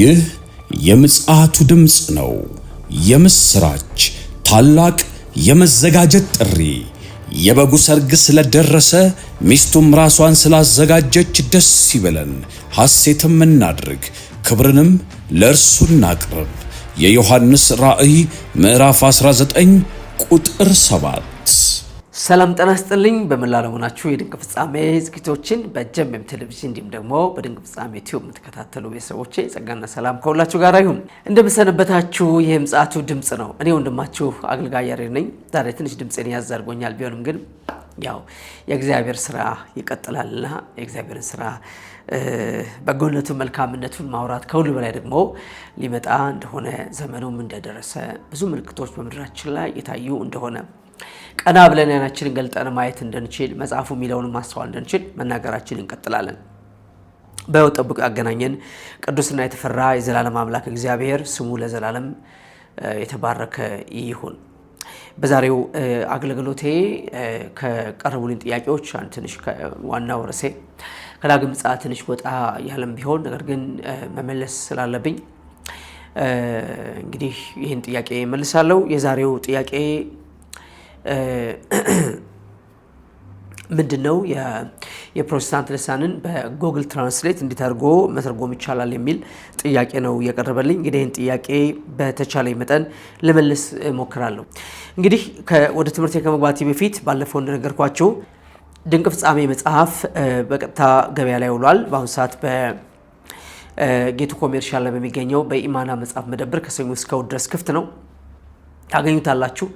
ይህ የምጽአቱ ድምፅ ነው። የምስራች ታላቅ የመዘጋጀት ጥሪ። የበጉ ሰርግ ስለደረሰ ሚስቱም ራሷን ስላዘጋጀች ደስ ይበለን፣ ሐሴትም እናድርግ፣ ክብርንም ለእርሱ እናቅርብ። የዮሐንስ ራእይ ምዕራፍ 19 ቁጥር 7 ሰላም ጤና ይስጥልኝ። በመላ ዓለም ሆናችሁ የድንቅ ፍጻሜ ዝግጅቶችን በጀሜም ቴሌቪዥን እንዲሁም ደግሞ በድንቅ ፍጻሜ ዩቲዩብ የምትከታተሉ ቤተሰቦቼ ጸጋና ሰላም ከሁላችሁ ጋር ይሁን። እንደምሰነበታችሁ። ይህ ምጽአቱ ድምፅ ነው። እኔ ወንድማችሁ አገልጋይ ያሬድ ነኝ። ዛሬ ትንሽ ድምፄን ያዝ አድርጎኛል። ቢሆንም ግን ያው የእግዚአብሔር ስራ ይቀጥላልና የእግዚአብሔርን ስራ በጎነቱን መልካምነቱን ማውራት ከሁሉ በላይ ደግሞ ሊመጣ እንደሆነ ዘመኑም እንደደረሰ ብዙ ምልክቶች በምድራችን ላይ የታዩ እንደሆነ ቀና ብለን ዓይናችንን ገልጠን ማየት እንድንችል መጽሐፉ የሚለውን ማስተዋል እንድንችል መናገራችን እንቀጥላለን። በሕይወት ጠብቆ ያገናኘን ቅዱስና የተፈራ የዘላለም አምላክ እግዚአብሔር ስሙ ለዘላለም የተባረከ ይሁን። በዛሬው አገልግሎቴ ከቀረቡልኝ ጥያቄዎች አንድ ትንሽ ዋናው ርዕሴ ከዳግም ምጽአት ትንሽ ወጣ ያለም ቢሆን ነገር ግን መመለስ ስላለብኝ እንግዲህ ይህን ጥያቄ መልሳለሁ። የዛሬው ጥያቄ ምንድን ነው የፕሮቴስታንት ልሳንን በጉግል ትራንስሌት እንዲተርጎ መተርጎም ይቻላል የሚል ጥያቄ ነው እየቀረበልኝ። እንግዲህ ይህን ጥያቄ በተቻለ መጠን ልመልስ ሞክራለሁ። እንግዲህ ወደ ትምህርት ከመግባቴ በፊት ባለፈው እንደነገርኳቸው ድንቅ ፍጻሜ መጽሐፍ በቀጥታ ገበያ ላይ ውሏል። በአሁኑ ሰዓት በጌቱ ኮሜርሻል ላይ በሚገኘው በኢማና መጽሐፍ መደብር ከሰኞ እስከ ድረስ ክፍት ነው። ታገኙታላችሁ።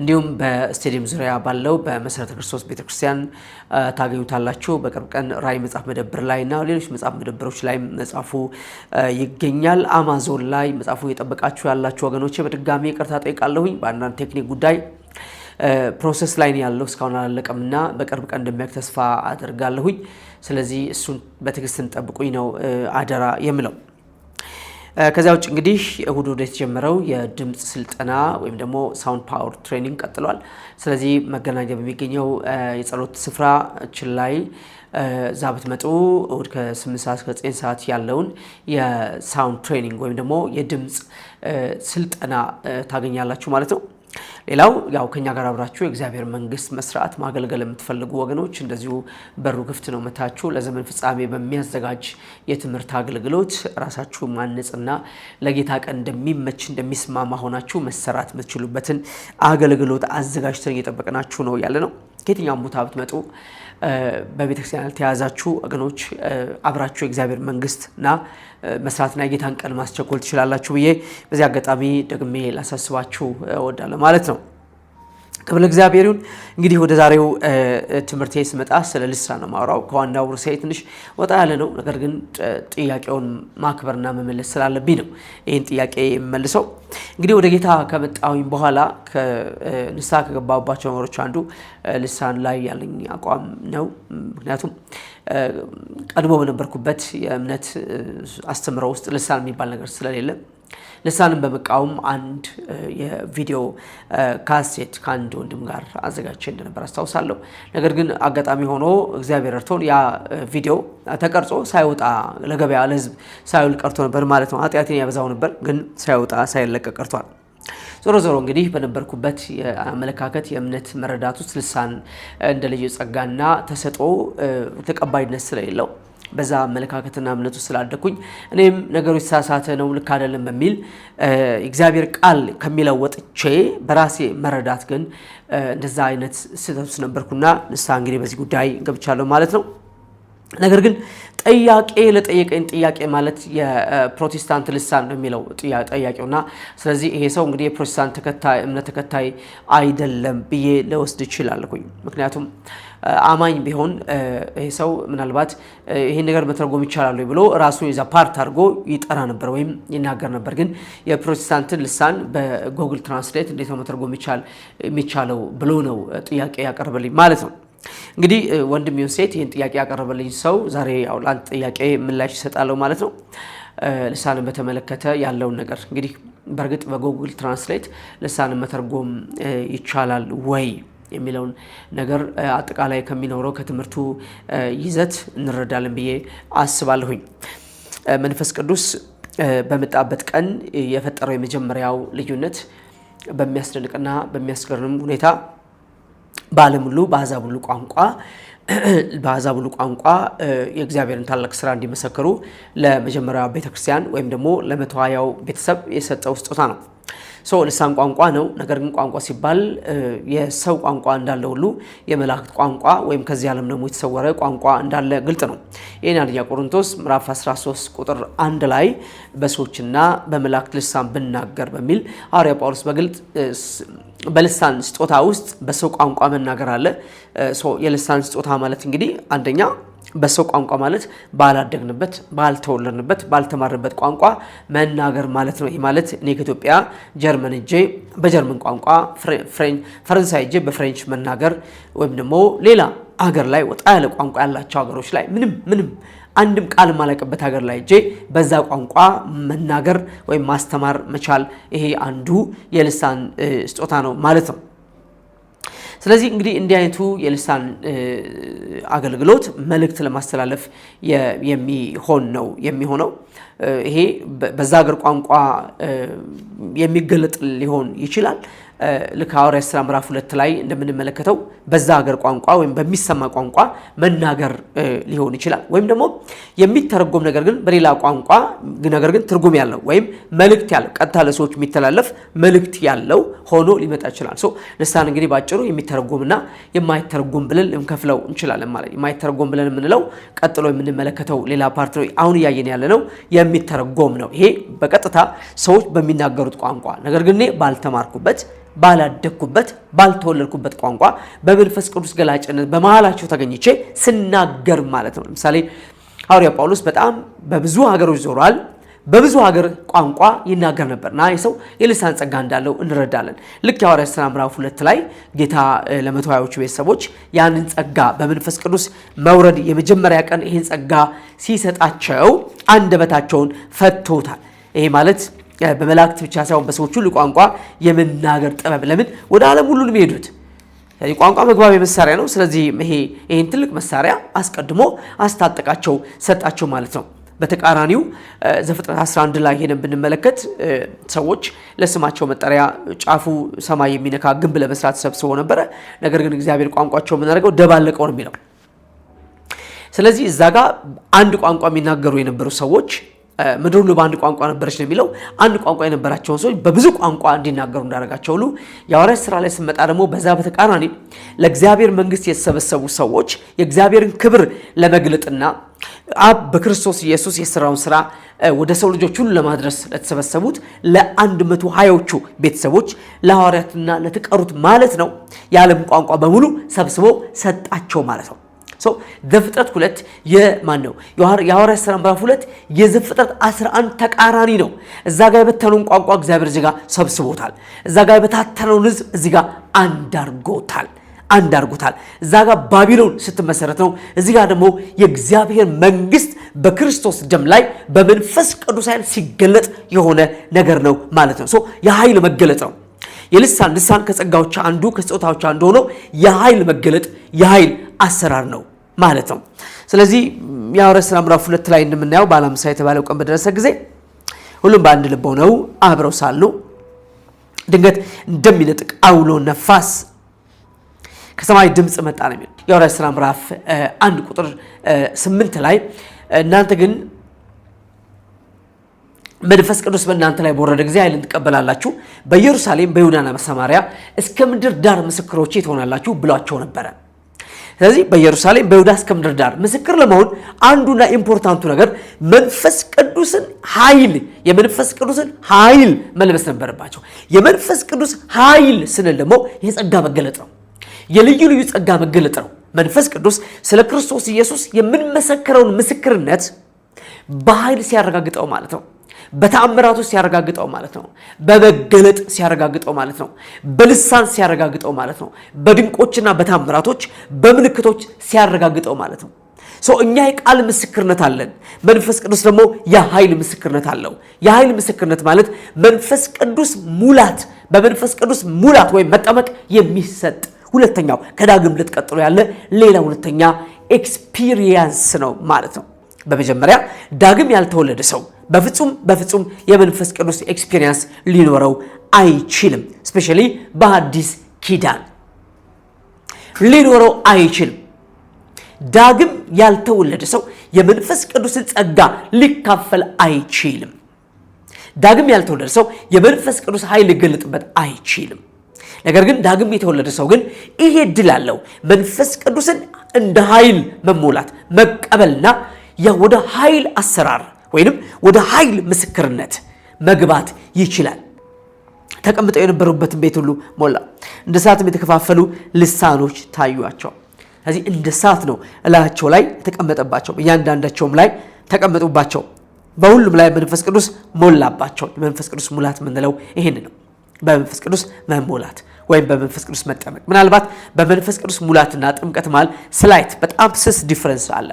እንዲሁም በስቴዲየም ዙሪያ ባለው በመሰረተ ክርስቶስ ቤተክርስቲያን ታገኙታላችሁ። በቅርብ ቀን ራይ መጽሐፍ መደብር ላይ እና ሌሎች መጽሐፍ መደብሮች ላይ መጽሐፉ ይገኛል። አማዞን ላይ መጽሐፉ የጠበቃችሁ ያላችሁ ወገኖች በድጋሚ ቅርታ ጠይቃለሁኝ። በአንዳንድ ቴክኒክ ጉዳይ ፕሮሰስ ላይ ያለው እስካሁን አላለቀም እና በቅርብ ቀን እንደሚያክ ተስፋ አደርጋለሁኝ። ስለዚህ እሱን በትዕግስት እንጠብቁኝ ነው አደራ የምለው። ከዚያ ውጭ እንግዲህ እሁድ ወደ የተጀመረው የድምፅ ስልጠና ወይም ደግሞ ሳውንድ ፓወር ትሬኒንግ ቀጥሏል። ስለዚህ መገናኛ በሚገኘው የጸሎት ስፍራችን ላይ እዛ ብትመጡ እሁድ ከ8 ሰዓት እስከ 9 ሰዓት ያለውን የሳውንድ ትሬኒንግ ወይም ደግሞ የድምፅ ስልጠና ታገኛላችሁ ማለት ነው። ሌላው ያው ከኛ ጋር አብራችሁ የእግዚአብሔር መንግስት መስራት ማገልገል የምትፈልጉ ወገኖች እንደዚሁ በሩ ክፍት ነው። መታችሁ ለዘመን ፍጻሜ በሚያዘጋጅ የትምህርት አገልግሎት ራሳችሁ ማነጽና ለጌታ ቀን እንደሚመች እንደሚስማማ ሆናችሁ መሰራት የምትችሉበትን አገልግሎት አዘጋጅተን እየጠበቅናችሁ ነው ያለ ነው። ከየትኛውም ቦታ ብትመጡ በቤተክርስቲያን ያልተያዛችሁ ወገኖች አብራችሁ የእግዚአብሔር መንግስትና መስራትና የጌታን ቀን ማስቸኮል ትችላላችሁ ብዬ በዚህ አጋጣሚ ደግሜ ላሳስባችሁ እወዳለሁ ማለት ነው። ክብል እግዚአብሔር ይሁን። እንግዲህ ወደ ዛሬው ትምህርት ስመጣ ስለ ልሳን ነው ማውራው። ከዋናው ርዕሴ ትንሽ ወጣ ያለ ነው፣ ነገር ግን ጥያቄውን ማክበርና መመለስ ስላለብኝ ነው ይህን ጥያቄ የምመልሰው። እንግዲህ ወደ ጌታ ከመጣሁኝ በኋላ ንስሐ ከገባባቸው ነገሮች አንዱ ልሳን ላይ ያለኝ አቋም ነው። ምክንያቱም ቀድሞ በነበርኩበት የእምነት አስተምሮ ውስጥ ልሳን የሚባል ነገር ስለሌለ ልሳንን በመቃወም አንድ የቪዲዮ ካሴት ከአንድ ወንድም ጋር አዘጋጅቼ እንደነበር አስታውሳለሁ። ነገር ግን አጋጣሚ ሆኖ እግዚአብሔር እርቶን ያ ቪዲዮ ተቀርጾ ሳይወጣ ለገበያ ለህዝብ ሳይውል ቀርቶ ነበር ማለት ነው። ኃጢአቴን ያበዛው ነበር፣ ግን ሳይወጣ ሳይለቀ ቀርቷል። ዞሮ ዞሮ እንግዲህ በነበርኩበት የአመለካከት የእምነት መረዳት ውስጥ ልሳን እንደ ልዩ ጸጋና ተሰጦ ተቀባይነት ስለሌለው በዛ አመለካከትና እምነቱ ስላደኩኝ እኔም ነገሮች ሳሳተ ነው ልክ አይደለም በሚል እግዚአብሔር ቃል ከሚለው ወጥቼ በራሴ መረዳት ግን እንደዛ አይነት ስህተት ነበርኩና ንስሐ እንግዲህ በዚህ ጉዳይ ገብቻለሁ ማለት ነው። ነገር ግን ጥያቄ ለጠየቀኝ ጥያቄ ማለት የፕሮቴስታንት ልሳን ነው የሚለው ጥያቄውና፣ ስለዚህ ይሄ ሰው እንግዲህ የፕሮቴስታንት ተከታይ እምነት ተከታይ አይደለም ብዬ ለወስድ እችላለሁኝ ምክንያቱም አማኝ ቢሆን ይሄ ሰው ምናልባት ይህን ነገር መተርጎም ይቻላሉ ብሎ ራሱ የዛ ፓርት አድርጎ ይጠራ ነበር ወይም ይናገር ነበር። ግን የፕሮቴስታንትን ልሳን በጉግል ትራንስሌት እንዴት ነው መተርጎም የሚቻለው ብሎ ነው ጥያቄ ያቀርበልኝ ማለት ነው። እንግዲህ ወንድም ይሁን ሴት ይህን ጥያቄ ያቀረበልኝ ሰው ዛሬ ያው ለአንድ ጥያቄ ምላሽ ይሰጣለሁ ማለት ነው። ልሳንን በተመለከተ ያለውን ነገር እንግዲህ በእርግጥ በጉግል ትራንስሌት ልሳንን መተርጎም ይቻላል ወይ የሚለውን ነገር አጠቃላይ ከሚኖረው ከትምህርቱ ይዘት እንረዳለን ብዬ አስባለሁኝ። መንፈስ ቅዱስ በመጣበት ቀን የፈጠረው የመጀመሪያው ልዩነት በሚያስደንቅና በሚያስገርም ሁኔታ በዓለም ሁሉ በአሕዛብ ሁሉ ቋንቋ በአሕዛብ ሁሉ ቋንቋ የእግዚአብሔርን ታላቅ ስራ እንዲመሰክሩ ለመጀመሪያው ቤተክርስቲያን ወይም ደግሞ ለመተዋያው ቤተሰብ የሰጠው ስጦታ ነው። ሰው ልሳን ቋንቋ ነው። ነገር ግን ቋንቋ ሲባል የሰው ቋንቋ እንዳለ ሁሉ የመላእክት ቋንቋ ወይም ከዚህ ዓለም ደግሞ የተሰወረ ቋንቋ እንዳለ ግልጥ ነው። ይህን አንደኛ ቆሮንቶስ ምዕራፍ 13 ቁጥር አንድ ላይ በሰዎችና በመላእክት ልሳን ብናገር በሚል ሐዋርያ ጳውሎስ በግልጥ በልሳን ስጦታ ውስጥ በሰው ቋንቋ መናገር አለ። የልሳን ስጦታ ማለት እንግዲህ አንደኛ በሰው ቋንቋ ማለት ባላደግንበት፣ ባልተወለድንበት፣ ባልተማርንበት ቋንቋ መናገር ማለት ነው። ይህ ማለት እኔ ከኢትዮጵያ ጀርመን እጄ በጀርመን ቋንቋ፣ ፈረንሳይ እጄ በፍሬንች መናገር ወይም ደግሞ ሌላ አገር ላይ ወጣ ያለ ቋንቋ ያላቸው ሀገሮች ላይ ምንም ምንም አንድም ቃል ማለቅበት ሀገር ላይ እጄ በዛ ቋንቋ መናገር ወይም ማስተማር መቻል ይሄ አንዱ የልሳን ስጦታ ነው ማለት ነው። ስለዚህ እንግዲህ እንዲህ አይነቱ የልሳን አገልግሎት መልእክት ለማስተላለፍ የሚሆን ነው የሚሆነው። ይሄ በዛ ሀገር ቋንቋ የሚገለጥ ሊሆን ይችላል። ልክ ሐዋርያት ሥራ ምዕራፍ ሁለት ላይ እንደምንመለከተው በዛ ሀገር ቋንቋ ወይም በሚሰማ ቋንቋ መናገር ሊሆን ይችላል። ወይም ደግሞ የሚተረጎም ነገር ግን በሌላ ቋንቋ ነገር ግን ትርጉም ያለው ወይም መልእክት ያለው ቀጥታ ለሰዎች የሚተላለፍ መልእክት ያለው ሆኖ ሊመጣ ይችላል። ሶ ልሳን እንግዲህ ባጭሩ የሚተረጎምና የማይተረጎም ብለን ልንከፍለው እንችላለን ማለት የማይተረጎም ብለን የምንለው ቀጥሎ የምንመለከተው ሌላ ፓርት ነው። አሁን እያየን ያለ ነው የሚተረጎም ነው። ይሄ በቀጥታ ሰዎች በሚናገሩት ቋንቋ ነገር ግን ባልተማርኩበት ባላደግኩበት ባልተወለድኩበት ቋንቋ በመንፈስ ቅዱስ ገላጭነት በመሃላቸው ተገኝቼ ስናገር ማለት ነው። ለምሳሌ ሐዋርያ ጳውሎስ በጣም በብዙ ሀገሮች ዞሯል። በብዙ ሀገር ቋንቋ ይናገር ነበር እና የሰው የልሳን ጸጋ እንዳለው እንረዳለን። ልክ የሐዋርያት ሥራ ምዕራፍ ሁለት ላይ ጌታ ለመቶ ሃያዎቹ ቤተሰቦች ያንን ጸጋ በመንፈስ ቅዱስ መውረድ የመጀመሪያ ቀን ይህን ጸጋ ሲሰጣቸው አንደበታቸውን ፈቶታል። ይሄ ማለት በመላእክት ብቻ ሳይሆን በሰዎች ሁሉ ቋንቋ የመናገር ጥበብ ለምን ወደ ዓለም ሁሉ ነው ስለዚህ ቋንቋ መግባቢያ መሳሪያ ነው። ስለዚህ ይሄ ይህን ትልቅ መሳሪያ አስቀድሞ አስታጠቃቸው ሰጣቸው ማለት ነው። በተቃራኒው ዘፍጥረት 11 ላይ ሄደን ብንመለከት ሰዎች ለስማቸው መጠሪያ ጫፉ ሰማይ የሚነካ ግንብ ለመስራት ሰብስቦ ነበረ። ነገር ግን እግዚአብሔር ቋንቋቸው የምናደርገው ደባለቀው ነው የሚለው። ስለዚህ እዛ ጋር አንድ ቋንቋ የሚናገሩ የነበሩ ሰዎች ምድር ሁሉ በአንድ ቋንቋ ነበረች ነው የሚለው። አንድ ቋንቋ የነበራቸውን ሰዎች በብዙ ቋንቋ እንዲናገሩ እንዳደረጋቸው ሁሉ የሐዋርያት ስራ ላይ ስንመጣ ደግሞ በዛ በተቃራኒ ለእግዚአብሔር መንግስት የተሰበሰቡ ሰዎች የእግዚአብሔርን ክብር ለመግለጥና አብ በክርስቶስ ኢየሱስ የስራውን ስራ ወደ ሰው ልጆች ሁሉ ለማድረስ ለተሰበሰቡት ለአንድ መቶ ሀያዎቹ ቤተሰቦች ለሐዋርያትና ለተቀሩት ማለት ነው የዓለም ቋንቋ በሙሉ ሰብስቦ ሰጣቸው ማለት ነው። ሰው ዘፍጥረት ሁለት የማን ነው? የሐዋርያት ሥራ ምዕራፍ ሁለት የዘፍጥረት 11 ተቃራኒ ነው። እዛ ጋር የበተነውን ቋንቋ እግዚአብሔር እዚህ ጋር ሰብስቦታል። እዛ ጋር የበታተነውን ሕዝብ እዚህ ጋር አንዳርጎታል አንድ እዛ ጋር ባቢሎን ስትመሰረት ነው። እዚህ ጋር ደግሞ የእግዚአብሔር መንግስት በክርስቶስ ደም ላይ በመንፈስ ቅዱስ ኃይል ሲገለጥ የሆነ ነገር ነው ማለት ነው። የኃይል መገለጥ ነው። የልሳን ልሳን ከጸጋዎች አንዱ ከስጦታዎች አንዱ ሆኖ የኃይል መገለጥ የኃይል አሰራር ነው። ማለት ነው። ስለዚህ የሐዋርያት ሥራ ምዕራፍ ሁለት ላይ እንደምናየው በዓለ ሃምሳ የተባለው ቀን በደረሰ ጊዜ ሁሉም በአንድ ልብ ሆነው አብረው ሳሉ ድንገት እንደሚነጥቅ አውሎ ነፋስ ከሰማይ ድምፅ መጣ ነው የሚለው የሐዋርያት ሥራ ምዕራፍ አንድ ቁጥር ስምንት ላይ እናንተ ግን መንፈስ ቅዱስ በእናንተ ላይ በወረደ ጊዜ ኃይልን ትቀበላላችሁ፣ በኢየሩሳሌም በይሁዳና በሰማርያ እስከ ምድር ዳር ምስክሮቼ ትሆናላችሁ ብሏቸው ነበረ። ስለዚህ በኢየሩሳሌም በይሁዳ እስከ ምድር ዳር ምስክር ለመሆን አንዱና ኢምፖርታንቱ ነገር መንፈስ ቅዱስን ኃይል የመንፈስ ቅዱስን ኃይል መልበስ ነበረባቸው። የመንፈስ ቅዱስ ኃይል ስንል ደግሞ የጸጋ መገለጥ ነው። የልዩ ልዩ ጸጋ መገለጥ ነው። መንፈስ ቅዱስ ስለ ክርስቶስ ኢየሱስ የምንመሰክረውን ምስክርነት በኃይል ሲያረጋግጠው ማለት ነው። በተአምራት ውስጥ ሲያረጋግጠው ማለት ነው። በመገለጥ ሲያረጋግጠው ማለት ነው። በልሳን ሲያረጋግጠው ማለት ነው። በድንቆችና በተአምራቶች በምልክቶች ሲያረጋግጠው ማለት ነው። እኛ የቃል ምስክርነት አለን። መንፈስ ቅዱስ ደግሞ የኃይል ምስክርነት አለው። የኃይል ምስክርነት ማለት መንፈስ ቅዱስ ሙላት፣ በመንፈስ ቅዱስ ሙላት ወይም መጠመቅ የሚሰጥ ሁለተኛው ከዳግም ልትቀጥሎ ቀጥሎ ያለ ሌላ ሁለተኛ ኤክስፒሪየንስ ነው ማለት ነው። በመጀመሪያ ዳግም ያልተወለደ ሰው በፍጹም በፍጹም የመንፈስ ቅዱስ ኤክስፒሪየንስ ሊኖረው አይችልም። ስፔሻሊ በአዲስ ኪዳን ሊኖረው አይችልም። ዳግም ያልተወለደ ሰው የመንፈስ ቅዱስን ጸጋ ሊካፈል አይችልም። ዳግም ያልተወለደ ሰው የመንፈስ ቅዱስ ኃይል ሊገለጥበት አይችልም። ነገር ግን ዳግም የተወለደ ሰው ግን ይሄ እድል አለው። መንፈስ ቅዱስን እንደ ኃይል መሞላት መቀበልና ያ ወደ ኃይል አሰራር ወይንም ወደ ኃይል ምስክርነት መግባት ይችላል። ተቀምጠው የነበሩበትን ቤት ሁሉ ሞላ፣ እንደ እሳትም የተከፋፈሉ ልሳኖች ታዩቸው። ስለዚህ እንደ እሳት ነው እላቸው ላይ የተቀመጠባቸው፣ እያንዳንዳቸውም ላይ ተቀመጡባቸው። በሁሉም ላይ መንፈስ ቅዱስ ሞላባቸው። የመንፈስ ቅዱስ ሙላት የምንለው ይህን ነው። በመንፈስ ቅዱስ መሞላት ወይም በመንፈስ ቅዱስ መጠመቅ። ምናልባት በመንፈስ ቅዱስ ሙላትና ጥምቀት መሃል ስላይት በጣም ስስ ዲፍረንስ አለ።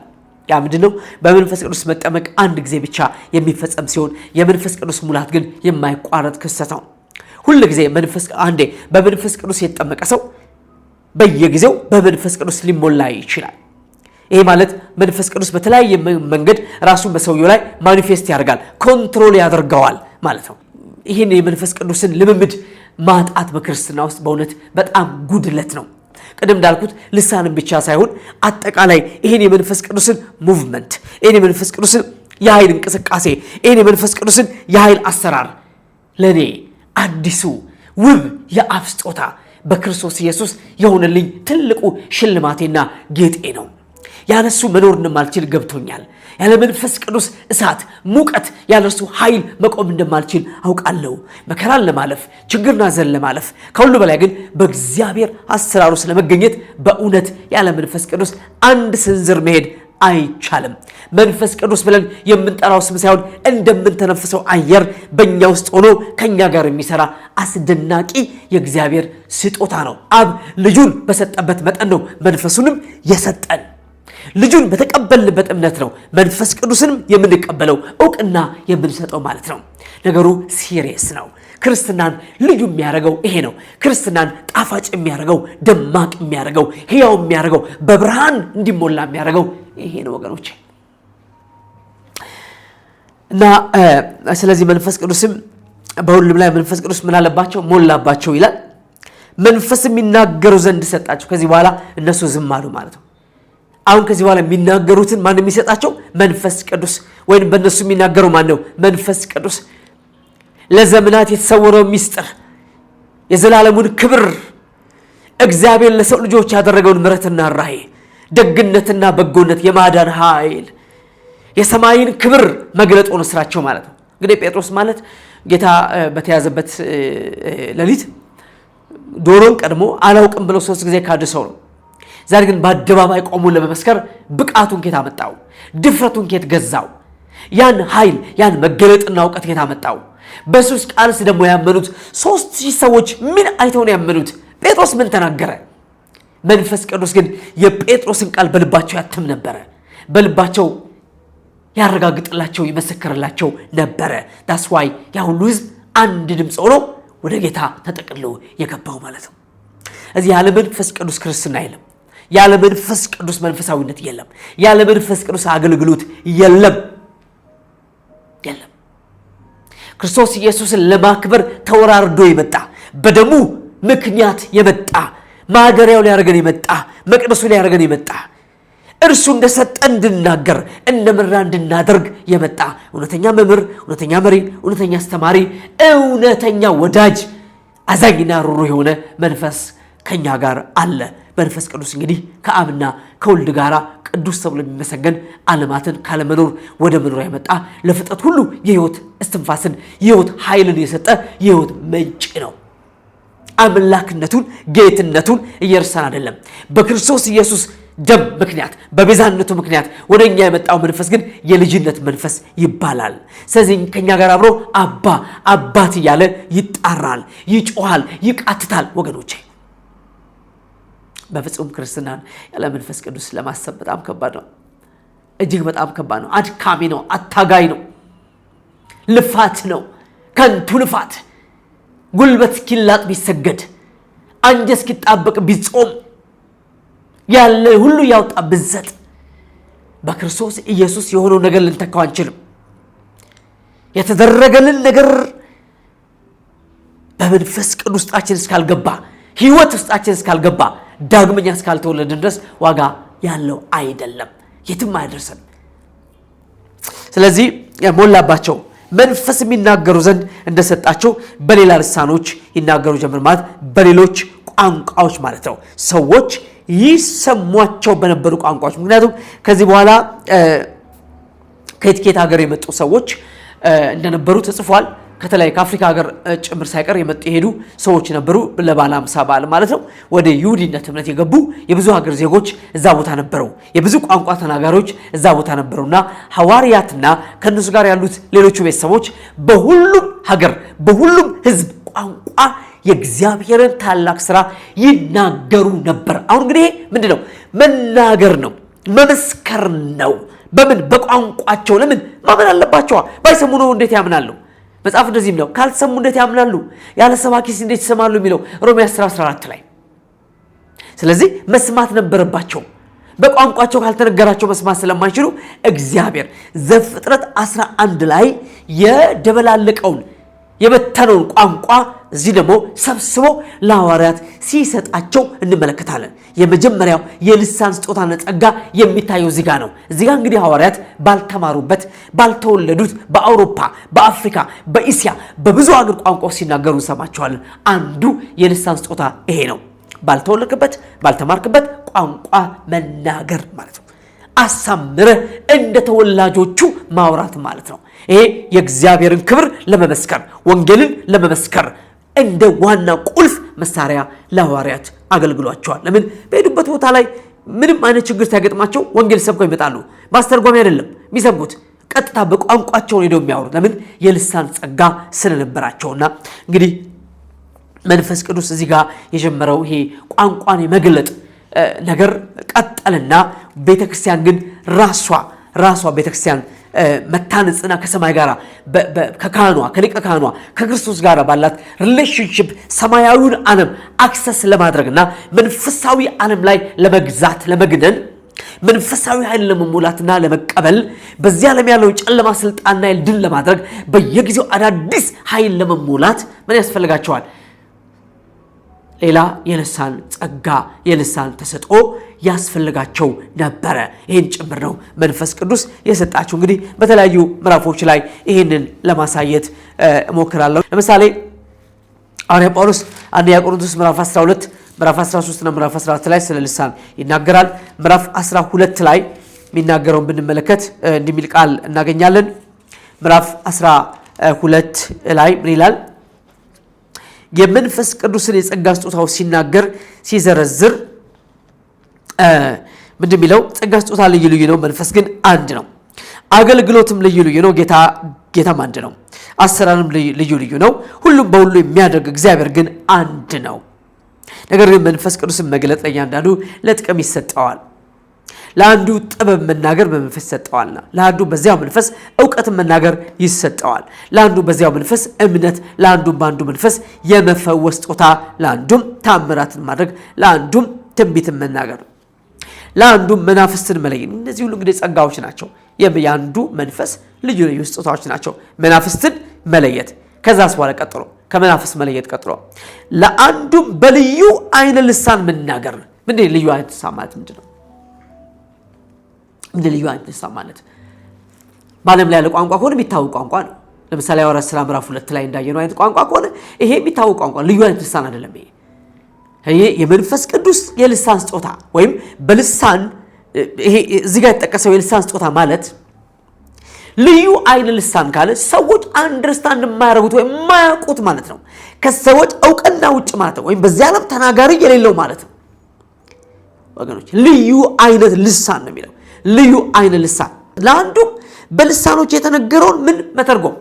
ያ ምንድን ነው? በመንፈስ ቅዱስ መጠመቅ አንድ ጊዜ ብቻ የሚፈጸም ሲሆን የመንፈስ ቅዱስ ሙላት ግን የማይቋረጥ ክስተት ነው። ሁል ጊዜ አንዴ በመንፈስ ቅዱስ የተጠመቀ ሰው በየጊዜው በመንፈስ ቅዱስ ሊሞላ ይችላል። ይሄ ማለት መንፈስ ቅዱስ በተለያየ መንገድ ራሱን በሰውየው ላይ ማኒፌስት ያደርጋል፣ ኮንትሮል ያደርገዋል ማለት ነው። ይህን የመንፈስ ቅዱስን ልምምድ ማጣት በክርስትና ውስጥ በእውነት በጣም ጉድለት ነው። ቅድም እንዳልኩት ልሳንም ብቻ ሳይሆን አጠቃላይ ይህን የመንፈስ ቅዱስን ሙቭመንት ይህን የመንፈስ ቅዱስን የኃይል እንቅስቃሴ ይህን የመንፈስ ቅዱስን የኃይል አሰራር ለእኔ አዲሱ ውብ የአፍስጦታ ስጦታ በክርስቶስ ኢየሱስ የሆነልኝ ትልቁ ሽልማቴና ጌጤ ነው። ያለሱ መኖር እንደማልችል ገብቶኛል። ያለ መንፈስ ቅዱስ እሳት ሙቀት፣ ያለሱ ኃይል መቆም እንደማልችል አውቃለሁ። መከራን ለማለፍ ችግርና ዘን ለማለፍ ከሁሉ በላይ ግን በእግዚአብሔር አሰራር ውስጥ ለመገኘት በእውነት ያለ መንፈስ ቅዱስ አንድ ስንዝር መሄድ አይቻልም። መንፈስ ቅዱስ ብለን የምንጠራው ስም ሳይሆን እንደምንተነፍሰው አየር በእኛ ውስጥ ሆኖ ከእኛ ጋር የሚሰራ አስደናቂ የእግዚአብሔር ስጦታ ነው። አብ ልጁን በሰጠበት መጠን ነው መንፈሱንም የሰጠን። ልጁን በተቀበልንበት እምነት ነው መንፈስ ቅዱስንም የምንቀበለው እውቅና የምንሰጠው ማለት ነው። ነገሩ ሲሪየስ ነው። ክርስትናን ልዩ የሚያደርገው ይሄ ነው። ክርስትናን ጣፋጭ የሚያደርገው ደማቅ የሚያደርገው ሕያው የሚያደርገው በብርሃን እንዲሞላ የሚያደርገው ይሄ ነው ወገኖች። እና ስለዚህ መንፈስ ቅዱስም በሁሉም ላይ መንፈስ ቅዱስ ምን አለባቸው? ሞላባቸው ይላል። መንፈስ የሚናገሩ ዘንድ ሰጣቸው። ከዚህ በኋላ እነሱ ዝም አሉ ማለት ነው። አሁን ከዚህ በኋላ የሚናገሩትን ማን የሚሰጣቸው? መንፈስ ቅዱስ። ወይም በእነሱ የሚናገረው ማን ነው? መንፈስ ቅዱስ። ለዘመናት የተሰወረው ሚስጥር፣ የዘላለሙን ክብር፣ እግዚአብሔር ለሰው ልጆች ያደረገውን ምሕረትና ራሄ፣ ደግነትና በጎነት፣ የማዳን ኃይል፣ የሰማይን ክብር መግለጥ ሆነ ስራቸው ማለት ነው። እንግዲህ ጴጥሮስ ማለት ጌታ በተያዘበት ሌሊት ዶሮን ቀድሞ አላውቅም ብለው ሶስት ጊዜ ካደ ሰው ነው። ዛሬ ግን በአደባባይ ቆሞ ለመመስከር ብቃቱን ኬት አመጣው? ድፍረቱን ኬት ገዛው? ያን ኃይል ያን መገለጥና እውቀት ኬት አመጣው? በሱስ ቃልስ ደግሞ ያመኑት ሶስት ሺህ ሰዎች ምን አይተው ነው ያመኑት? ጴጥሮስ ምን ተናገረ? መንፈስ ቅዱስ ግን የጴጥሮስን ቃል በልባቸው ያትም ነበረ፣ በልባቸው ያረጋግጥላቸው ይመሰክርላቸው ነበረ። ዳስ ዋይ ያ ሁሉ ህዝብ አንድ ድምፅ ሆኖ ወደ ጌታ ተጠቅልሎ የገባው ማለት ነው። እዚህ ያለ መንፈስ ቅዱስ ክርስትና የለም። ያለ መንፈስ ቅዱስ መንፈሳዊነት የለም። ያለ መንፈስ ቅዱስ አገልግሎት የለም የለም። ክርስቶስ ኢየሱስን ለማክበር ተወራርዶ የመጣ በደሙ ምክንያት የመጣ ማገሪያው ሊያደርገን የመጣ መቅደሱ ሊያደርገን የመጣ እርሱ እንደሰጠ እንድናገር እንደ መራ እንድናደርግ የመጣ እውነተኛ መምህር፣ እውነተኛ መሪ፣ እውነተኛ አስተማሪ፣ እውነተኛ ወዳጅ፣ አዛኝና ሩሩ የሆነ መንፈስ ከኛ ጋር አለ። መንፈስ ቅዱስ እንግዲህ ከአብና ከወልድ ጋር ቅዱስ ተብሎ የሚመሰገን ዓለማትን ካለመኖር ወደ መኖር ያመጣ ለፍጥረት ሁሉ የህይወት እስትንፋስን የህይወት ኃይልን የሰጠ የህይወት ምንጭ ነው። አምላክነቱን ጌትነቱን እየረሳን አይደለም። በክርስቶስ ኢየሱስ ደም ምክንያት በቤዛነቱ ምክንያት ወደ እኛ የመጣው መንፈስ ግን የልጅነት መንፈስ ይባላል። ስለዚህ ከኛ ጋር አብሮ አባ አባት እያለ ይጣራል፣ ይጮሃል፣ ይቃትታል ወገኖቼ በፍጹም ክርስትናን ያለ መንፈስ ቅዱስ ለማሰብ በጣም ከባድ ነው። እጅግ በጣም ከባድ ነው። አድካሚ ነው። አታጋይ ነው። ልፋት ነው። ከንቱ ልፋት፣ ጉልበት እስኪላጥ ቢሰገድ፣ አንጀ እስኪጣበቅ ቢጾም፣ ያለ ሁሉ ያውጣ ብዘጥ፣ በክርስቶስ ኢየሱስ የሆነው ነገር ልንተካው አንችልም። የተደረገልን ነገር በመንፈስ ቅዱስ ውስጣችን እስካልገባ፣ ህይወት ውስጣችን እስካልገባ ዳግመኛ እስካልተወለድን ድረስ ዋጋ ያለው አይደለም፣ የትም አያደርሰን። ስለዚህ ሞላባቸው መንፈስ የሚናገሩ ዘንድ እንደሰጣቸው በሌላ ልሳኖች ይናገሩ ጀምር፣ ማለት በሌሎች ቋንቋዎች ማለት ነው። ሰዎች ይሰሟቸው በነበሩ ቋንቋዎች። ምክንያቱም ከዚህ በኋላ ከየት ሀገር የመጡ ሰዎች እንደነበሩ ተጽፏል። ከተለያዩ ከአፍሪካ ሀገር ጭምር ሳይቀር የመጡ የሄዱ ሰዎች ነበሩ። ለባለ አምሳ በዓል ማለት ነው። ወደ ይሁዲነት እምነት የገቡ የብዙ ሀገር ዜጎች እዛ ቦታ ነበረው። የብዙ ቋንቋ ተናጋሪዎች እዛ ቦታ ነበሩና ሐዋርያትና ከእነሱ ጋር ያሉት ሌሎቹ ቤተሰቦች በሁሉም ሀገር በሁሉም ህዝብ ቋንቋ የእግዚአብሔርን ታላቅ ስራ ይናገሩ ነበር። አሁን እንግዲህ ምንድን ነው መናገር ነው መመስከር ነው። በምን በቋንቋቸው ለምን ማመን አለባቸዋ። ባይሰሙ ነው እንዴት ያምናለሁ? መጽሐፍ እንደዚህ የሚለው ካልሰሙ እንዴት ያምናሉ? ያለ ሰባኪስ እንዴት ይሰማሉ? የሚለው ሮሜ 14 ላይ። ስለዚህ መስማት ነበረባቸው። በቋንቋቸው ካልተነገራቸው መስማት ስለማይችሉ እግዚአብሔር ዘፍጥረት 11 ላይ የደበላለቀውን የበተነውን ቋንቋ እዚህ ደግሞ ሰብስቦ ለሐዋርያት ሲሰጣቸው እንመለከታለን። የመጀመሪያው የልሳን ስጦታና ጸጋ የሚታየው እዚህ ጋ ነው። እዚህ እንግዲህ ሐዋርያት ባልተማሩበት፣ ባልተወለዱት በአውሮፓ፣ በአፍሪካ፣ በእስያ በብዙ አገር ቋንቋ ሲናገሩ እንሰማቸዋለን። አንዱ የልሳን ስጦታ ይሄ ነው። ባልተወለድክበት፣ ባልተማርክበት ቋንቋ መናገር ማለት ነው። አሳምረህ እንደ ተወላጆቹ ማውራት ማለት ነው። ይሄ የእግዚአብሔርን ክብር ለመመስከር ወንጌልን ለመመስከር እንደ ዋና ቁልፍ መሳሪያ ለሐዋርያት አገልግሏቸዋል። ለምን በሄዱበት ቦታ ላይ ምንም አይነት ችግር ሲያገጥማቸው ወንጌል ሰብከው ይመጣሉ። በአስተርጓሚ አይደለም የሚሰብኩት ቀጥታ በቋንቋቸውን ሄደው የሚያወሩት ለምን የልሳን ጸጋ ስለነበራቸውና እንግዲህ መንፈስ ቅዱስ እዚህ ጋር የጀመረው ይሄ ቋንቋን የመግለጥ ነገር ቀጠልና ቤተክርስቲያን ግን ራሷ ራሷ ቤተክርስቲያን ክርስቲያን መታነጽና ከሰማይ ጋር ከካህኗ ከሊቀ ካህኗ ከክርስቶስ ጋር ባላት ሪሌሽንሽፕ ሰማያዊውን ዓለም አክሰስ ለማድረግና መንፈሳዊ ዓለም ላይ ለመግዛት ለመግነን መንፈሳዊ ኃይል ለመሙላትና ለመቀበል በዚህ ዓለም ያለው ጨለማ ስልጣንና ድል ለማድረግ በየጊዜው አዳዲስ ኃይል ለመሙላት ምን ያስፈልጋቸዋል? ሌላ የልሳን ጸጋ የልሳን ተሰጥኦ ያስፈልጋቸው ነበረ። ይህን ጭምር ነው መንፈስ ቅዱስ የሰጣቸው። እንግዲህ በተለያዩ ምዕራፎች ላይ ይህንን ለማሳየት እሞክራለሁ። ለምሳሌ ሐዋርያ ጳውሎስ አንደኛ ቆሮንቶስ ምዕራፍ 12 ምዕራፍ 13 እና ምዕራፍ 14 ላይ ስለ ልሳን ይናገራል። ምዕራፍ 12 ላይ የሚናገረውን ብንመለከት እንደሚል ቃል እናገኛለን። ምዕራፍ 12 ላይ ምን ይላል? የመንፈስ ቅዱስን የጸጋ ስጦታው ሲናገር ሲዘረዝር ምንድ የሚለው ጸጋ ስጦታ ልዩ ልዩ ነው፣ መንፈስ ግን አንድ ነው። አገልግሎትም ልዩ ልዩ ነው፣ ጌታ ጌታም አንድ ነው። አሰራርም ልዩ ልዩ ነው፣ ሁሉም በሁሉ የሚያደርግ እግዚአብሔር ግን አንድ ነው። ነገር ግን መንፈስ ቅዱስን መግለጥ ለእያንዳንዱ ለጥቅም ይሰጠዋል። ለአንዱ ጥበብ መናገር በመንፈስ ይሰጠዋልና፣ ለአንዱ በዚያው መንፈስ እውቀትን መናገር ይሰጠዋል፣ ለአንዱ በዚያው መንፈስ እምነት፣ ለአንዱም በአንዱ መንፈስ የመፈወስ ጦታ፣ ለአንዱም ታምራትን ማድረግ፣ ለአንዱም ትንቢትን መናገር፣ ለአንዱም መናፍስትን መለየት። እነዚህ ሁሉ እንግዲህ ጸጋዎች ናቸው። የአንዱ መንፈስ ልዩ ልዩ ስጦታዎች ናቸው። መናፍስትን መለየት ከዛስ በኋላ ቀጥሎ ከመናፍስ መለየት ቀጥሎ ለአንዱም በልዩ አይነ ልሳን መናገር። ምንድን ልዩ አይነት ልሳን ማለት ምንድን ነው? እንደ ልዩ አንነሳማነት በዓለም ላይ ያለ ቋንቋ ከሆነ የሚታወቅ ቋንቋ ነው። ለምሳሌ ሐዋርያት ስራ ምዕራፍ ሁለት ላይ እንዳየነው አይነት ቋንቋ ከሆነ ይሄ የሚታወቅ ቋንቋ ልዩ አይነት ልሳን አይደለም። ይሄ የመንፈስ ቅዱስ የልሳን ስጦታ ወይም በልሳን ይሄ እዚህ ጋር የተጠቀሰው የልሳን ስጦታ ማለት ልዩ አይን ልሳን ካለ ሰዎች አንደርስታንድ የማያደርጉት ወይም የማያውቁት ማለት ነው። ከሰዎች እውቅና ውጭ ማለት ነው። ወይም በዚህ ዓለም ተናጋሪ የሌለው ማለት ነው። ወገኖች ልዩ አይነት ልሳን ነው የሚለው ልዩ አይነ ልሳን ለአንዱ በልሳኖች የተነገረውን ምን መተርጎም።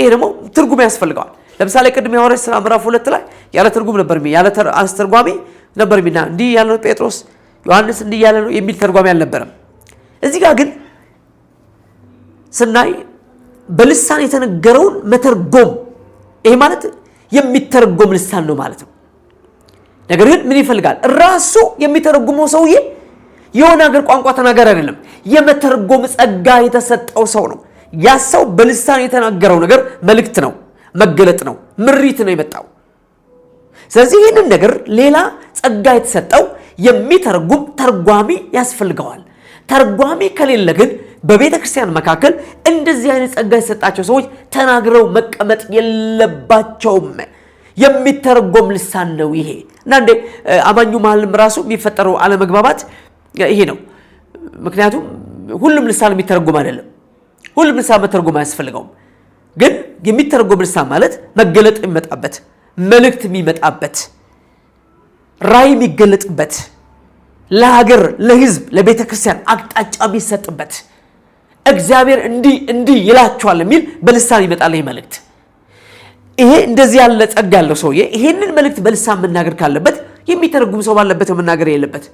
ይሄ ደግሞ ትርጉም ያስፈልገዋል። ለምሳሌ ቅድም የሐዋርያት ሥራ ምዕራፍ ሁለት ላይ ያለ ትርጉም ነበር፣ ያለ አስተርጓሚ ነበር ሚና እንዲህ ያለ ነው ጴጥሮስ ዮሐንስ እንዲህ ያለ ነው የሚል ተርጓሚ አልነበረም። እዚህ ጋር ግን ስናይ በልሳን የተነገረውን መተርጎም፣ ይሄ ማለት የሚተረጎም ልሳን ነው ማለት ነው። ነገር ግን ምን ይፈልጋል? ራሱ የሚተረጉመው ሰውዬ የሆነ ሀገር ቋንቋ ተናጋሪ አይደለም። የመተርጎም ጸጋ የተሰጠው ሰው ነው። ያ ሰው በልሳን የተናገረው ነገር መልእክት ነው፣ መገለጥ ነው፣ ምሪት ነው የመጣው። ስለዚህ ይህንን ነገር ሌላ ጸጋ የተሰጠው የሚተረጉም ተርጓሚ ያስፈልገዋል። ተርጓሚ ከሌለ ግን በቤተ ክርስቲያን መካከል እንደዚህ አይነት ጸጋ የተሰጣቸው ሰዎች ተናግረው መቀመጥ የለባቸውም። የሚተረጎም ልሳን ነው ይሄ እና እንዴ አማኙ መሃልም ራሱ የሚፈጠረው አለመግባባት ይሄ ነው። ምክንያቱም ሁሉም ልሳን የሚተረጎም አይደለም። ሁሉም ልሳን መተርጎም አያስፈልገውም። ግን የሚተረጎም ልሳን ማለት መገለጥ የሚመጣበት መልእክት የሚመጣበት ራይ የሚገለጥበት ለሀገር፣ ለህዝብ ለቤተ ክርስቲያን አቅጣጫ የሚሰጥበት እግዚአብሔር እንዲህ እንዲህ ይላቸዋል የሚል በልሳን ይመጣል። ይህ መልእክት ይሄ እንደዚህ ያለ ጸጋ ያለው ሰውዬ ይሄንን መልእክት በልሳን መናገር ካለበት የሚተረጉም ሰው ባለበት መናገር የለበት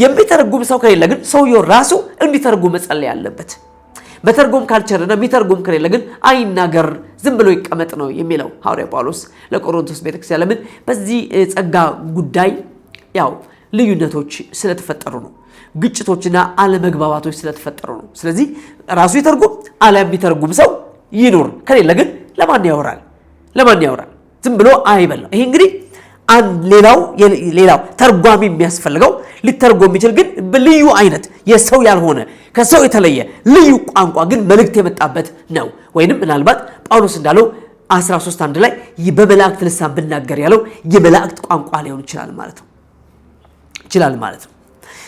የሚተረጉም ሰው ከሌለ ግን ሰውየው ራሱ እንዲተረጉም መጸለይ አለበት። መተርጎም ካልቻለና የሚተርጎም ከሌለ ግን አይናገር፣ ዝም ብሎ ይቀመጥ ነው የሚለው ሐዋርያ ጳውሎስ ለቆሮንቶስ ቤተክርስቲያን። ለምን በዚህ ጸጋ ጉዳይ ያው ልዩነቶች ስለተፈጠሩ ነው፣ ግጭቶችና አለመግባባቶች ስለተፈጠሩ ነው። ስለዚህ ራሱ ይተርጉም አሊያ የሚተርጉም ሰው ይኑር። ከሌለ ግን ለማን ያወራል? ለማን ያወራል? ዝም ብሎ አይበላም። ይሄ እንግዲህ ሌላው ሌላው ተርጓሚ የሚያስፈልገው ሊተርጎም የሚችል ግን ልዩ አይነት የሰው ያልሆነ ከሰው የተለየ ልዩ ቋንቋ ግን መልእክት የመጣበት ነው። ወይንም ምናልባት ጳውሎስ እንዳለው 13 አንድ ላይ በመላእክት ልሳን ብናገር ያለው የመላእክት ቋንቋ ሊሆን ይችላል ማለት ነው ይችላል ማለት ነው።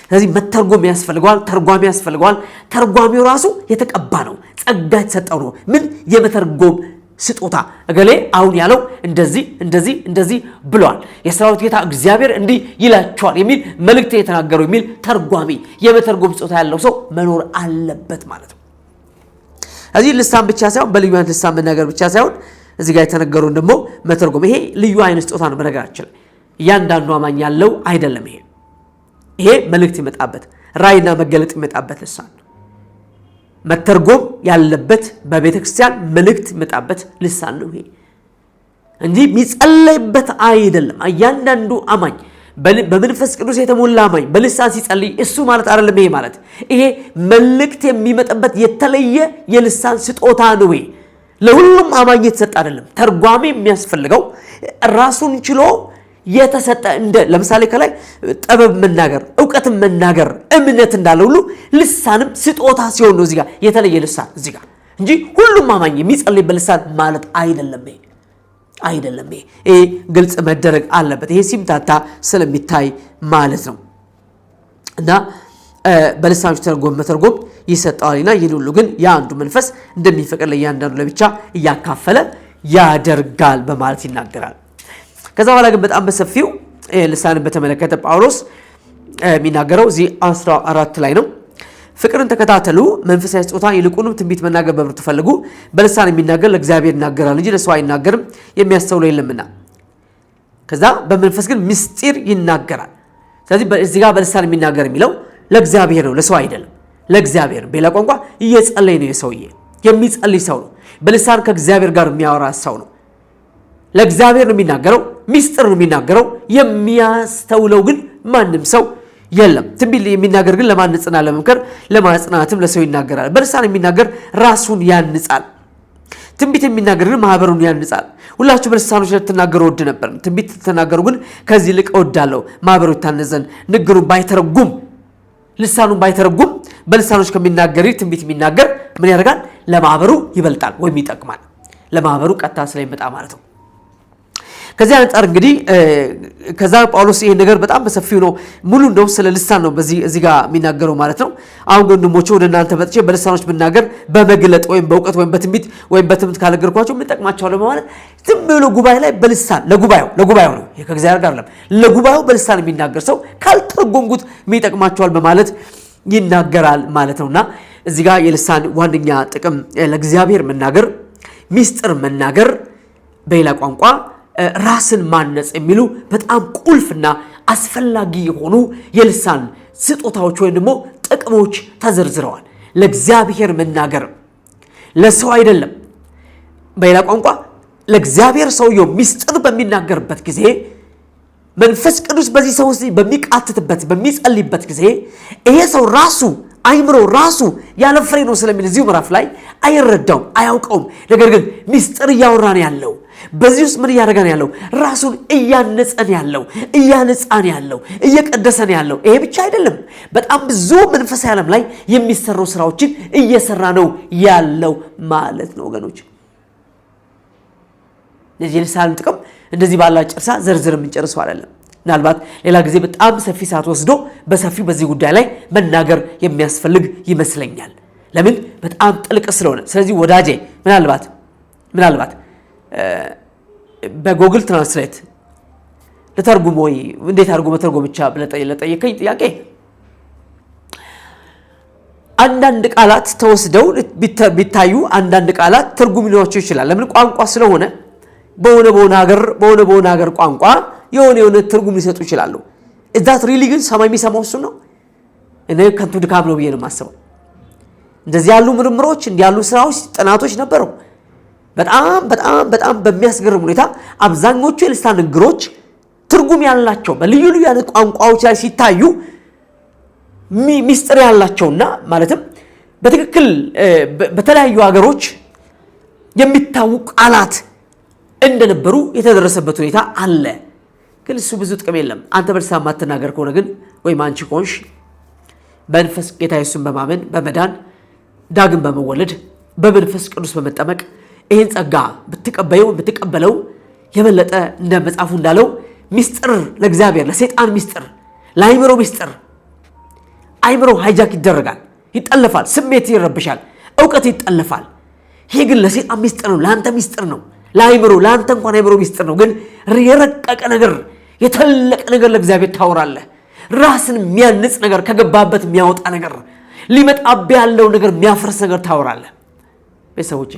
ስለዚህ መተርጎም ያስፈልገዋል፣ ተርጓሚ ያስፈልገዋል። ተርጓሚው ራሱ የተቀባ ነው፣ ጸጋ የተሰጠው ነው። ምን የመተርጎም ስጦታ እገሌ አሁን ያለው እንደዚህ እንደዚህ እንደዚህ ብሏል። የሰራዊት ጌታ እግዚአብሔር እንዲህ ይላቸዋል የሚል መልእክት የተናገረው የሚል ተርጓሚ የመተርጎም ስጦታ ያለው ሰው መኖር አለበት ማለት ነው። እዚህ ልሳን ብቻ ሳይሆን በልዩ አይነት ልሳን መናገር ብቻ ሳይሆን እዚህ ጋር የተነገረውን ደግሞ መተርጎም። ይሄ ልዩ አይነት ስጦታ ነው። በነገራችን እያንዳንዱ አማኝ ያለው አይደለም። ይሄ ይሄ መልእክት ይመጣበት ራእይና መገለጥ ይመጣበት ልሳን ነው። መተርጎም ያለበት በቤተ ክርስቲያን መልእክት ይመጣበት ልሳን ነው ይሄ እንጂ የሚጸለይበት አይደለም። እያንዳንዱ አማኝ በመንፈስ ቅዱስ የተሞላ አማኝ በልሳን ሲጸልይ እሱ ማለት አይደለም። ይሄ ማለት ይሄ መልእክት የሚመጣበት የተለየ የልሳን ስጦታ ነው። ለሁሉም አማኝ የተሰጠ አይደለም። ተርጓሚ የሚያስፈልገው ራሱን ችሎ የተሰጠ እንደ ለምሳሌ ከላይ ጥበብ መናገር እውቀትን መናገር እምነት እንዳለ ሁሉ ልሳንም ስጦታ ሲሆን ነው እዚጋ የተለየ ልሳን እዚጋ እንጂ ሁሉም አማኝ የሚጸልይ በልሳን ማለት አይደለም። አይደለም። ይሄ ግልጽ መደረግ አለበት። ይሄ ሲምታታ ስለሚታይ ማለት ነው እና በልሳኖች ተርጎም መተርጎም ይሰጠዋልና ይህን ሁሉ ግን የአንዱ መንፈስ እንደሚፈቅድ ለእያንዳንዱ ለብቻ እያካፈለ ያደርጋል በማለት ይናገራል። ከዛ በኋላ ግን በጣም በሰፊው ልሳንን በተመለከተ ጳውሎስ የሚናገረው እዚህ 14 ላይ ነው። ፍቅርን ተከታተሉ፣ መንፈሳዊ ስጦታ ይልቁንም ትንቢት መናገር በብርቱ ፈልጉ። በልሳን የሚናገር ለእግዚአብሔር ይናገራል እንጂ ለሰው አይናገርም፣ የሚያስተውለው የለምና። ከዛ በመንፈስ ግን ምስጢር ይናገራል። ስለዚህ እዚህ ጋር በልሳን የሚናገር የሚለው ለእግዚአብሔር ነው፣ ለሰው አይደለም። ለእግዚአብሔር በሌላ ቋንቋ እየጸለይ ነው። የሰውዬ የሚጸልይ ሰው ነው። በልሳን ከእግዚአብሔር ጋር የሚያወራ ሰው ነው። ለእግዚአብሔር ነው የሚናገረው ሚስጥር ነው የሚናገረው። የሚያስተውለው ግን ማንም ሰው የለም። ትንቢት የሚናገር ግን ለማንጽና ለመምከር ለማጽናትም ለሰው ይናገራል። በልሳን የሚናገር ራሱን ያንጻል። ትንቢት የሚናገር ግን ማህበሩን ያንጻል። ሁላችሁ በልሳኖች ልትናገሩ ወድ ነበር፣ ትንቢት ልትናገሩ ግን ከዚህ ይልቅ እወዳለሁ። ማህበሩ ይታነዘን፣ ንግሩ ባይተረጉም ልሳኑን ባይተረጉም በልሳኖች ከሚናገር ትንቢት የሚናገር ምን ያደርጋል? ለማህበሩ ይበልጣል ወይም ይጠቅማል። ለማህበሩ ቀጥታ ስለሚመጣ ማለት ነው። ከዚህ አንጻር እንግዲህ ከዛ ጳውሎስ ይሄ ነገር በጣም በሰፊው ነው ሙሉ እንደውም ስለ ልሳን ነው በዚህ እዚህ ጋር የሚናገረው ማለት ነው። አሁን ወንድሞቼ ወደ እናንተ መጥቼ በልሳኖች መናገር በመግለጥ ወይም በእውቀት ወይም በትንቢት ወይም በትምህርት ካለገርኳቸው ምን እጠቅማቸዋለሁ በማለት ዝም ብሎ ጉባኤ ላይ በልሳን ለጉባኤው ለጉባኤው ነው ከእግዚአብሔር ጋር አይደለም። ለጉባኤው በልሳን የሚናገር ሰው ካልተረጎምኩት ምን በማለት ይናገራል ማለት ነውና እዚህ ጋር የልሳን ዋነኛ ጥቅም ለእግዚአብሔር መናገር፣ ሚስጥር መናገር በሌላ ቋንቋ ራስን ማነጽ የሚሉ በጣም ቁልፍና አስፈላጊ የሆኑ የልሳን ስጦታዎች ወይም ደግሞ ጥቅሞች ተዘርዝረዋል። ለእግዚአብሔር መናገር ለሰው አይደለም። በሌላ ቋንቋ ለእግዚአብሔር ሰውየው ሚስጥር በሚናገርበት ጊዜ መንፈስ ቅዱስ በዚህ ሰው በሚቃትትበት በሚጸልይበት ጊዜ ይሄ ሰው ራሱ አይምሮ ራሱ ያለ ፍሬ ነው ስለሚል እዚሁ ምዕራፍ ላይ አይረዳውም፣ አያውቀውም። ነገር ግን ሚስጥር እያወራ ነው ያለው በዚህ ውስጥ ምን እያደረገን ያለው? ራሱን እያነጸን ያለው እያነጻን ያለው እየቀደሰን ያለው። ይሄ ብቻ አይደለም፣ በጣም ብዙ መንፈሳዊ ዓለም ላይ የሚሰሩ ስራዎችን እየሰራ ነው ያለው ማለት ነው ወገኖች። እነዚህ የልሳን ጥቅም እንደዚህ ባለ አጭር ሰዓት ዘርዝር የምንጨርሰው አይደለም። ምናልባት ሌላ ጊዜ በጣም ሰፊ ሰዓት ወስዶ በሰፊው በዚህ ጉዳይ ላይ መናገር የሚያስፈልግ ይመስለኛል። ለምን በጣም ጥልቅ ስለሆነ። ስለዚህ ወዳጄ ምናልባት ምናልባት በጎግል ትራንስሌት ልተርጉም ወይ እንዴት አድርጎ መተርጎም ብቻ ብለህ ለጠየቀኝ ጥያቄ አንዳንድ ቃላት ተወስደው ቢታዩ አንዳንድ ቃላት ትርጉም ሊኖራቸው ይችላል። ለምን ቋንቋ ስለሆነ በሆነ በሆነ ሀገር በሆነ በሆነ ሀገር ቋንቋ የሆነ የሆነ ትርጉም ሊሰጡ ይችላሉ። እዛት ሪሊ ግን ሰማይ የሚሰማው እሱ ነው። እኔ ከንቱ ድካም ነው ብዬ ነው የማስበው። እንደዚህ ያሉ ምርምሮች እንዲህ ያሉ ስራዎች፣ ጥናቶች ነበረው። በጣም በጣም በጣም በሚያስገርም ሁኔታ አብዛኞቹ የልሳ ንግሮች ትርጉም ያላቸው በልዩ ልዩ አይነት ቋንቋዎች ላይ ሲታዩ ሚስጥር ያላቸውና ማለትም በትክክል በተለያዩ ሀገሮች የሚታወቁ ቃላት እንደነበሩ የተደረሰበት ሁኔታ አለ። ግን እሱ ብዙ ጥቅም የለም። አንተ በልሳን ማትናገር ከሆነ ግን ወይም አንቺ ከሆንሽ በመንፈስ ጌታ የሱን በማመን በመዳን ዳግም በመወለድ በመንፈስ ቅዱስ በመጠመቅ ይህን ጸጋ ብትቀበለው የበለጠ እንደ መጽሐፉ እንዳለው ሚስጥር ለእግዚአብሔር ለሰይጣን ሚስጥር ለአይምሮ ሚስጥር አይምሮ ሃይጃክ ይደረጋል፣ ይጠለፋል፣ ስሜት ይረብሻል፣ እውቀት ይጠለፋል። ይሄ ግን ለሴጣን ሚስጥር ነው፣ ለአንተ ሚስጥር ነው፣ ለአይምሮ ለአንተ እንኳን አይምሮ ሚስጥር ነው። ግን የረቀቀ ነገር የተለቀ ነገር ለእግዚአብሔር ታወራለህ። ራስን የሚያንጽ ነገር፣ ከገባበት የሚያወጣ ነገር፣ ሊመጣብህ ያለው ነገር የሚያፈርስ ነገር ታወራለህ ቤተሰቦቼ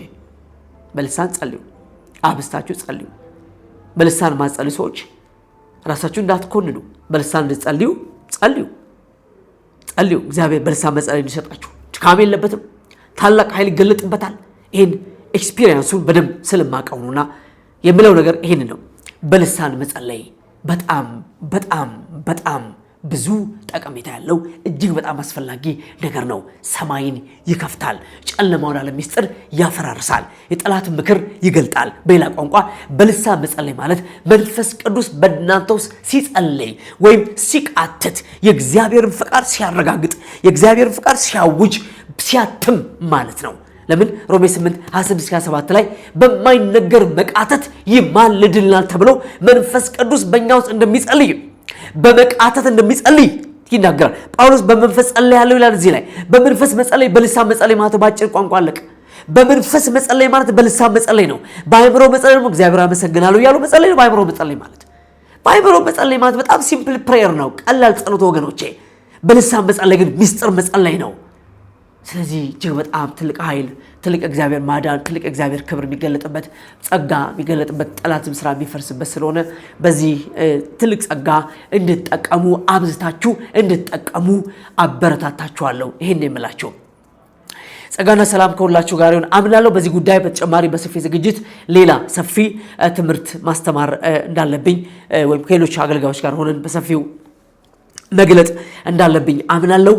በልሳን ጸልዩ፣ አብስታችሁ ጸልዩ። በልሳን ማጸልዩ ሰዎች ራሳችሁ እንዳትኮንኑ፣ በልሳን እንድጸልዩ ጸልዩ ጸልዩ። እግዚአብሔር በልሳን መጸለይ እንዲሰጣችሁ፣ ድካም የለበትም። ታላቅ ኃይል ይገለጥበታል። ይህን ኤክስፒሪየንሱን በደንብ ስለማቀውኑና የምለው ነገር ይህን ነው። በልሳን መጸለይ በጣም በጣም በጣም ብዙ ጠቀሜታ ያለው እጅግ በጣም አስፈላጊ ነገር ነው። ሰማይን ይከፍታል፣ ጨለማውን ዓለም ሚስጥር ያፈራርሳል፣ የጠላት ምክር ይገልጣል። በሌላ ቋንቋ በልሳን መጸለይ ማለት መንፈስ ቅዱስ በእናንተ ውስጥ ሲጸለይ ወይም ሲቃትት የእግዚአብሔርን ፍቃድ ሲያረጋግጥ የእግዚአብሔርን ፍቃድ ሲያውጅ ሲያትም ማለት ነው። ለምን ሮሜ 8 26 27 ላይ በማይነገር መቃተት ይማልድልናል ተብሎ መንፈስ ቅዱስ በእኛ ውስጥ እንደሚጸልይ በመቃተት እንደሚጸልይ ይናገራል። ጳውሎስ በመንፈስ ጸለይ ያለው ይላል። እዚህ ላይ በመንፈስ መጸለይ በልሳን መጸለይ ማለት በአጭር ቋንቋ አለቅ በመንፈስ መጸለይ ማለት በልሳን መጸለይ ነው። በአይምሮ መጸለይ ደግሞ እግዚአብሔር አመሰግናለሁ እያሉ መጸለይ ነው። በአይምሮ መጸለይ ማለት በአይምሮ መጸለይ ማለት በጣም ሲምፕል ፕሬየር ነው፣ ቀላል ጸሎት ወገኖቼ። በልሳን መጸለይ ግን ሚስጥር መጸለይ ነው። ስለዚህ እጅግ በጣም ትልቅ ኃይል፣ ትልቅ እግዚአብሔር ማዳን፣ ትልቅ እግዚአብሔር ክብር የሚገለጥበት ጸጋ የሚገለጥበት ጠላትም ስራ የሚፈርስበት ስለሆነ በዚህ ትልቅ ጸጋ እንድትጠቀሙ አብዝታችሁ እንድትጠቀሙ አበረታታችኋለሁ። ይሄን የምላቸው ጸጋና ሰላም ከሁላችሁ ጋር ይሁን አምናለሁ። በዚህ ጉዳይ በተጨማሪ በሰፊ ዝግጅት ሌላ ሰፊ ትምህርት ማስተማር እንዳለብኝ ወይም ከሌሎች አገልጋዮች ጋር ሆነን በሰፊው መግለጥ እንዳለብኝ አምናለሁ።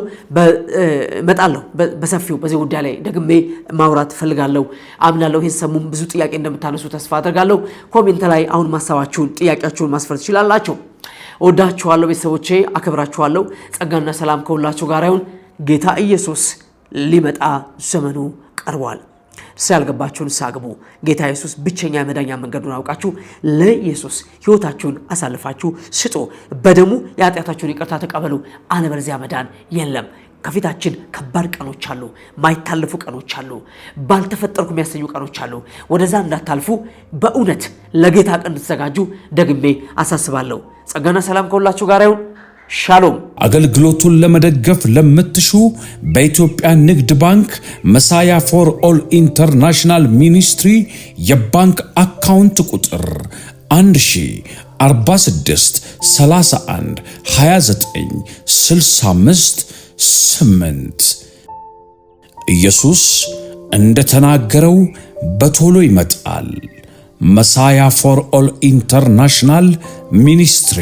እመጣለሁ በሰፊው በዚህ ጉዳይ ላይ ደግሜ ማውራት ፈልጋለሁ አምናለሁ። ይህን ሰሙም ብዙ ጥያቄ እንደምታነሱ ተስፋ አድርጋለሁ። ኮሜንት ላይ አሁን ማሰባችሁን ጥያቄያችሁን ማስፈር ትችላላቸው። ወዳችኋለሁ፣ ቤተሰቦቼ፣ አከብራችኋለሁ። ጸጋና ሰላም ከሁላችሁ ጋር ይሁን። ጌታ ኢየሱስ ሊመጣ ዘመኑ ቀርቧል። ስላልገባችሁ ንስሐ ግቡ። ጌታ ኢየሱስ ብቸኛ መዳኛ መንገዱን አውቃችሁ ለኢየሱስ ህይወታችሁን አሳልፋችሁ ስጡ። በደሙ የኃጢአታችሁን ይቅርታ ተቀበሉ። አለበለዚያ መዳን የለም። ከፊታችን ከባድ ቀኖች አሉ። ማይታለፉ ቀኖች አሉ። ባልተፈጠርኩ የሚያሰኙ ቀኖች አሉ። ወደዛ እንዳታልፉ በእውነት ለጌታ ቀን እንድትዘጋጁ ደግሜ አሳስባለሁ። ጸጋና ሰላም ከሁላችሁ ጋር ይሁን። ሻሎም አገልግሎቱን ለመደገፍ ለምትሹ በኢትዮጵያ ንግድ ባንክ መሳያ ፎር ኦል ኢንተርናሽናል ሚኒስትሪ የባንክ አካውንት ቁጥር 46 31 29 65 8 ኢየሱስ እንደተናገረው በቶሎ ይመጣል። መሳያ ፎር ኦል ኢንተርናሽናል ሚኒስትሪ